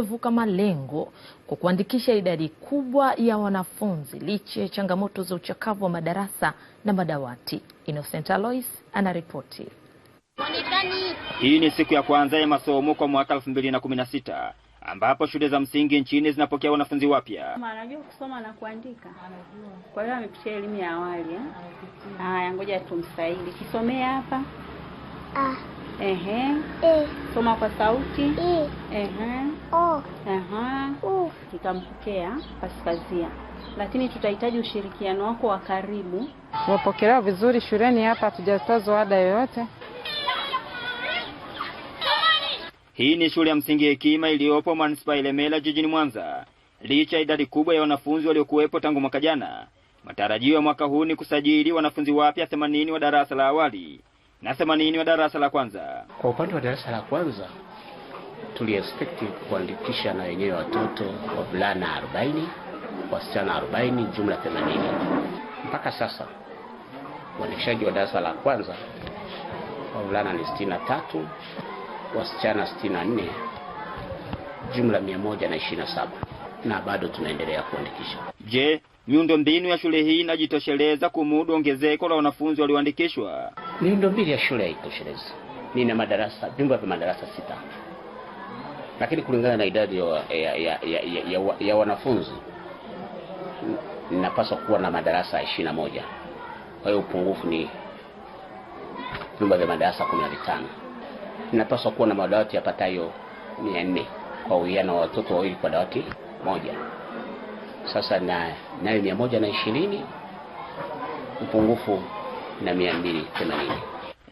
kuvuka malengo kwa kuandikisha idadi kubwa ya wanafunzi licha ya changamoto za uchakavu wa madarasa na madawati. Innocent Alois anaripoti. Hii ni siku ya kwanza ya masomo kwa mwaka 2016 ambapo shule za msingi nchini zinapokea wanafunzi wapya. Anajua kusoma na kuandika, kwa hiyo amepitia elimu ya awali. Eh? Haya, ngoja tumsahili kisomea hapa ah. Ehe. E. Soma kwa sauti. E. Ehe. O. U. Paskazia, lakini tutahitaji ushirikiano wako wa karibu. Umepokelewa vizuri shuleni hapa, hatujatozwa ada yoyote. Hii ni shule ya msingi Hekima iliyopo manispaa ya Ilemela jijini Mwanza. Licha ya idadi kubwa ya wanafunzi waliokuwepo tangu mwaka jana, matarajio ya mwaka huu ni kusajili wanafunzi wapya 80 wa darasa la awali na themanini wa darasa la kwanza. Kwa upande wa darasa la kwanza expect kuandikisha na wenyewe watoto wavulana 40 wasichana 40 jumla 80. Mpaka sasa uandikishaji wa darasa la kwanza wavulana ni 63, wasichana 64, jumla 127 na bado tunaendelea kuandikisha. Je, miundo mbinu ya shule hii inajitosheleza kumudu ongezeko la wanafunzi walioandikishwa? miundombinu ya shule haitoshelezi. Nina madarasa vyumba vya madarasa sita, lakini kulingana na idadi ya, ya, ya, ya, ya, ya wanafunzi ninapaswa kuwa na madarasa ishirini na moja. Kwa hiyo upungufu ni vyumba vya madarasa kumi na vitano. Ninapaswa kuwa na madawati yapatayo mia nne kwa uwiano wa watoto wawili kwa dawati moja. Sasa na nayo mia moja na ishirini upungufu na mia mbili themanini.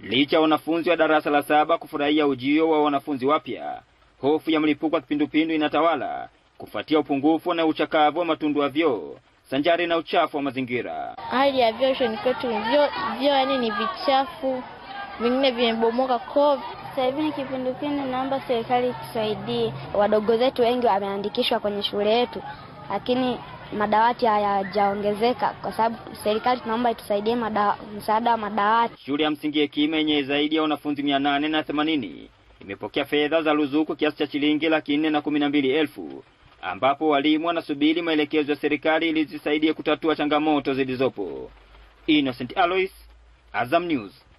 Licha ya wanafunzi wa darasa la saba kufurahia ujio wa wanafunzi wapya, hofu ya mlipuko wa kipindupindu inatawala kufuatia upungufu na uchakavu wa matundu wa vyoo sanjari na uchafu wa mazingira. Hali ya vyoo shoni kwetu vyoo yaani ni vichafu, vingine vimebomoka koo. Sasa hivi ni kipindupindu, naomba serikali tusaidie. Wadogo zetu wengi wameandikishwa kwenye shule yetu, lakini madawati hayajaongezeka kwa sababu serikali tunaomba itusaidie msaada wa madawati. Shule ya msingi hekima yenye zaidi ya wanafunzi mia nane na themanini imepokea fedha za ruzuku kiasi cha shilingi laki nne na kumi na mbili elfu ambapo walimu wanasubiri maelekezo ya serikali ili kutatua changamoto zilizopo. Innocent Alois, Azam News.